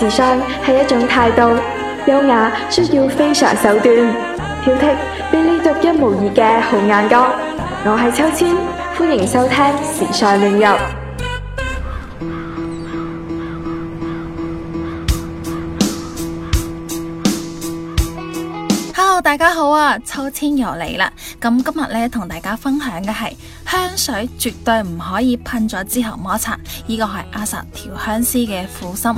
時尚係一種態度，優雅需要非常手段，挑剔俾你獨一無二嘅好眼光。我係秋千，歡迎收聽時尚領域。大家好啊！秋千又嚟啦，咁今日咧同大家分享嘅係香水絕對唔可以噴咗之後摩擦，呢、這個係扼殺調香師嘅苦心。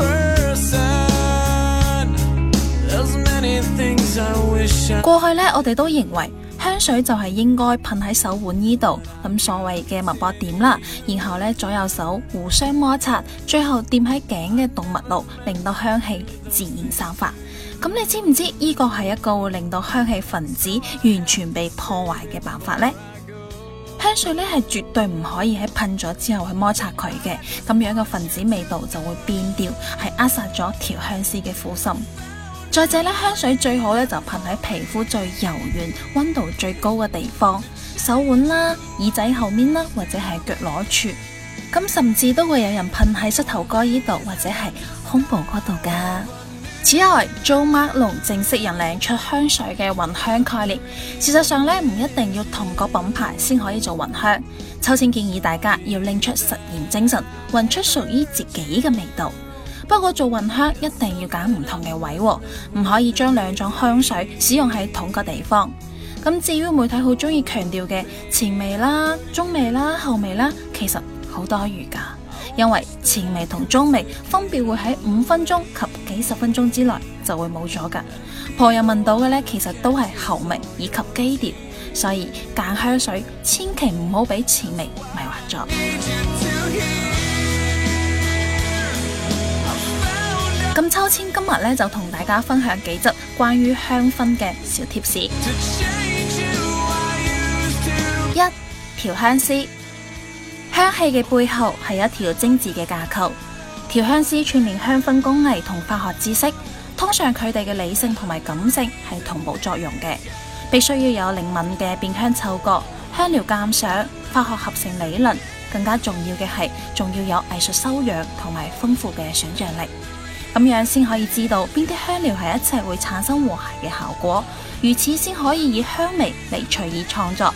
過去咧，我哋都認為香水就係應該噴喺手腕依度，咁所謂嘅脈搏點啦，然後咧左右手互相摩擦，最後掂喺頸嘅動脈度，令到香氣自然散發。咁你知唔知，呢個係一個會令到香氣分子完全被破壞嘅辦法呢？香水咧係絕對唔可以喺噴咗之後去摩擦佢嘅，咁樣個分子味道就會變掉，係扼殺咗調香師嘅苦心。再者咧，香水最好咧就噴喺皮膚最柔軟、溫度最高嘅地方，手腕啦、耳仔後面啦，或者係腳踝處。咁甚至都會有人噴喺膝頭哥呢度，或者係胸部嗰度噶。此外，Jo Malone 正式引領出香水嘅混香概念。事實上呢，唔一定要同個品牌先可以做混香。秋千建議大家要拎出實驗精神，混出屬於自己嘅味道。不過做混香一定要揀唔同嘅位喎，唔可以將兩種香水使用喺同一個地方。咁至於媒體好中意強調嘅前味啦、中味啦、後味啦，其實好多餘噶。因為前味同中味分別會喺五分鐘及幾十分鐘之內就會冇咗㗎，旁人聞到嘅呢，其實都係後味以及基調，所以揀香水千祈唔好俾前味迷惑咗。咁 秋千今日呢，就同大家分享幾則關於香氛嘅小貼士， 一調香師。香氣嘅背後係一條精緻嘅架構，調香師串聯香氛工藝同化學知識，通常佢哋嘅理性同埋感性係同步作用嘅，必須要有靈敏嘅辨香嗅覺、香料鑒賞、化學合成理論，更加重要嘅係仲要有藝術修養同埋豐富嘅想象力，咁樣先可以知道邊啲香料喺一齊會產生和諧嘅效果，如此先可以以香味嚟隨意創作。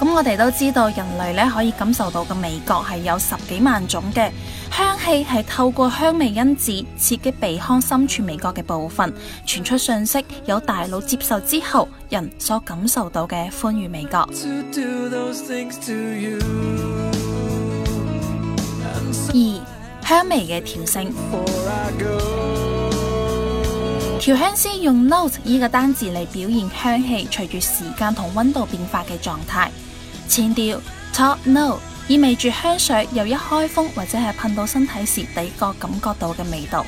咁、嗯、我哋都知道，人類咧可以感受到嘅味覺係有十幾萬種嘅，香氣係透過香味因子刺激鼻腔深處味覺嘅部分，傳出訊息，有大腦接受之後，人所感受到嘅歡愉味覺。 二，香味嘅調性。 調香師用 note 呢個單字嚟表現香氣隨住時間同溫度變化嘅狀態。前調 top note 意味住香水由一開封或者係噴到身體時，第一個感覺到嘅味道。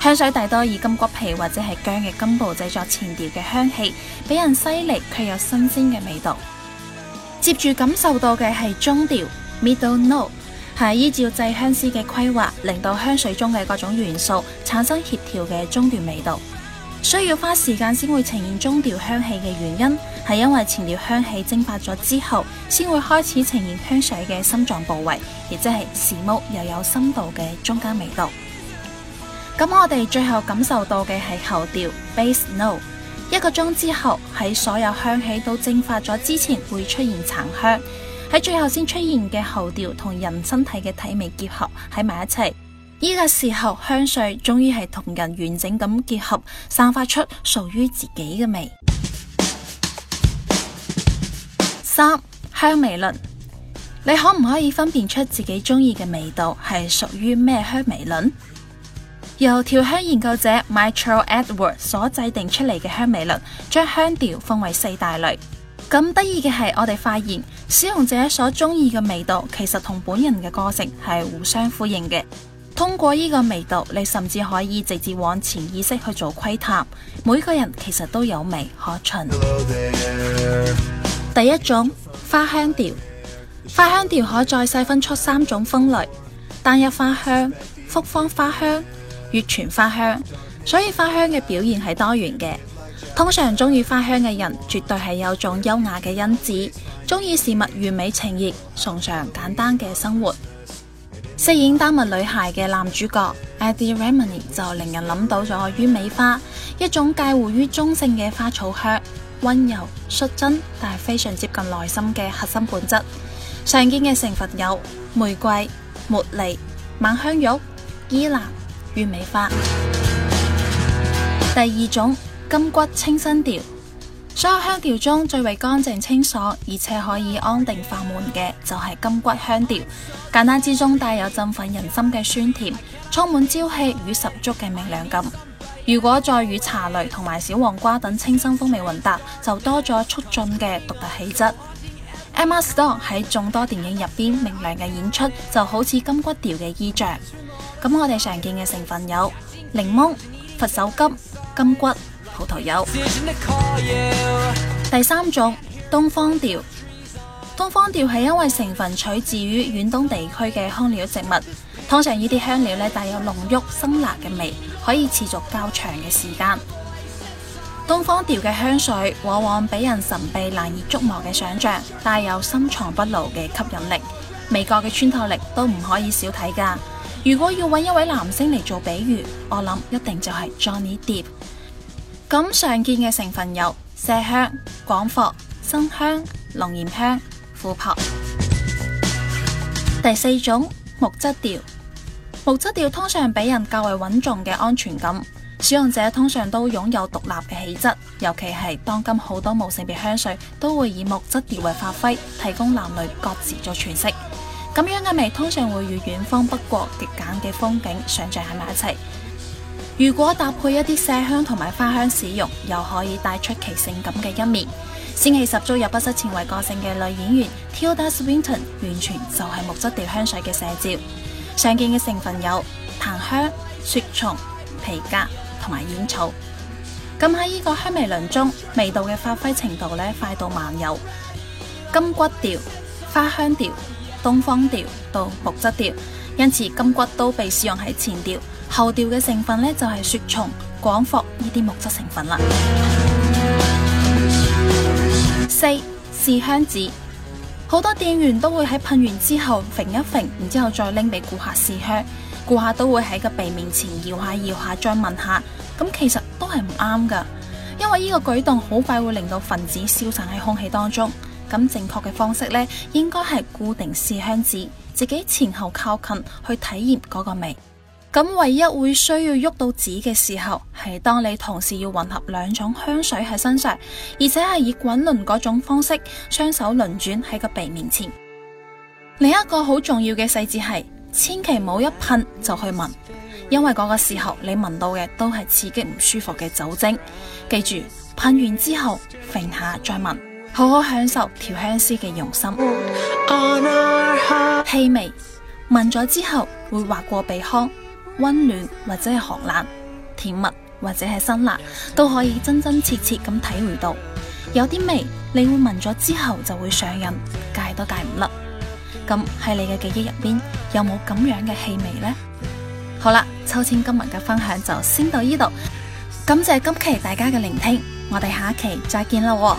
香水大多以金橘皮或者係薑嘅根部製作前調，前調嘅香氣俾人犀利，卻有新鮮嘅味道。接住感受到嘅係中調 middle note，係依照製香師嘅規劃，令到香水中嘅各種元素產生協調嘅中段味道。需要花時間先會呈現中調香氣嘅原因，係因為前調香氣蒸發咗之後，先會開始呈現香水嘅心臟部位，亦即係時髦又有深度嘅中間味道。咁我哋最後感受到嘅係後調 base note，一個鐘之後喺所有香氣都蒸發咗之前會出現殘香，喺最後先出現嘅後調同人身體嘅體味結合喺埋一齊。呢個時候，香水終於係同人完整咁結合，散發出屬於自己嘅味。三香味輪，你可唔可以分辨出自己中意嘅味道係屬於咩香味輪？由調香研究者 Michael Edward 所制定出嚟嘅香味輪，將香調分為四大類。咁得意嘅係，我哋發現使用者所中意嘅味道，其實同本人嘅個性係互相呼應嘅。通過呢個味道，你甚至可以直接往潛意識去做窺探。每個人其實都有味可循。Hello there. 第一種花香調，花香調可再細分出三種風類：單一花香、複方花香、月泉花香。所以花香嘅表現係多元嘅。通常中意花香嘅人，絕對係有種優雅嘅因子，中意事物完美、情熱、崇尚簡單嘅生活。飾演丹麥女孩嘅男主角 Eddie Redmayne 就令人諗到咗鳶尾花，一種介乎於中性嘅花草香，温柔率真但係非常接近內心嘅核心本質。常見嘅成分有玫瑰、茉莉、晚香玉、依蘭、鳶尾花。 第二種金骨清新調。所有香調中最為乾淨清爽，而且可以安定化悶嘅就係柑橘香調，簡單之中帶有振奮人心嘅酸甜，充滿朝氣與十足嘅明亮感。如果再與茶類同埋小黃瓜等清新風味混搭，就多咗促進嘅獨特氣質。Emma Stone 喺眾多電影入邊明亮嘅演出就好似柑橘調嘅意象。咁我哋常見嘅成分有檸檬、佛手柑、柑橘、葡萄柚。第三種東方調，東方調係因為成分取自於遠東地區嘅香料植物，通常呢啲香料咧帶有濃郁辛辣嘅味，可以持續較長嘅時間。東方調嘅香水往往俾人神秘難以捉摸嘅想象，帶有深藏不露嘅吸引力，味覺嘅穿透力都唔可以少睇噶。如果要揾一位男星嚟做比喻，我諗一定就係 Johnny Depp。咁常見嘅成分有。麝香、廣藿、辛香、龍涎香、琥珀。第四種木質調，木質調通常俾人較為穩重嘅安全感，使用者通常都擁有獨立嘅氣質，尤其係當今好多無性別香水都會以木質調為發揮，提供男女各自做詮釋。咁樣嘅味通常會與遠方不過極簡嘅風景想象喺埋一齊。如果搭配一啲麝香同埋花香使用，又可以帶出其性感嘅一面。仙氣十足又不失前衛個性嘅女演員 Tilda Swinton，完全就係木質調香水嘅寫照。常見嘅成分有檀香、雪松、皮革同埋煙草。咁喺呢個香味輪中，味道嘅發揮程度咧快到慢有柑橘調、花香調、東方調到木質調。因此，金骨都被使用喺前調、後調嘅成分呢就係、是、雪松、廣藿呢啲木質成分啦。四、試香紙，好多店員都會喺噴完之後揈一揈，然之後再拎俾顧客試香，顧客都會喺個鼻面前搖下搖下再聞下，咁其實都係唔啱噶，因為呢個舉動好快會令到分子消散喺空氣當中。咁正確嘅方式呢，應該係固定試香紙。自己前後靠近去體驗嗰個味，咁唯一會需要喐到紙嘅時候，係當你同時要混合兩種香水喺身上，而且係以滾輪嗰種方式雙手輪轉喺個鼻面前。另一個好重要嘅細節係，千祈唔好一噴就去聞，因為嗰個時候你聞到嘅都係刺激唔舒服嘅酒精。記住，噴完之後揈下再聞。好好享受調香師嘅用心。氣、oh，味聞咗之後會滑過鼻腔，溫暖或者係寒冷，甜蜜或者係辛辣，都可以真真切切咁體會到。有啲味你會聞咗之後就會上癮，戒都戒唔甩。咁喺你嘅記憶入邊有冇咁樣嘅氣味呢？好啦，秋千今日嘅分享就先到呢度，感謝今期大家嘅聆聽，我哋下期再見啦。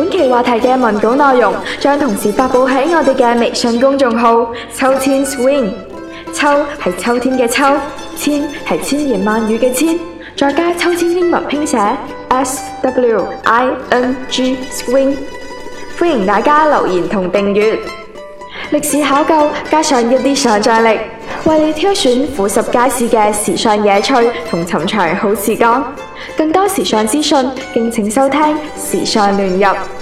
本期話題嘅文稿內容將同時發佈喺我哋嘅微信公眾號秋千 swing。秋係秋天嘅秋，千係千言萬語嘅千，再加秋千英文拼寫 S-W-I-N-G Swing。歡迎大家留言同訂閱，歷史考究加上一啲想象力。為你挑選俯拾皆是嘅時尚野趣同尋常好時光，更多時尚資訊，敬請收聽時尚亂入。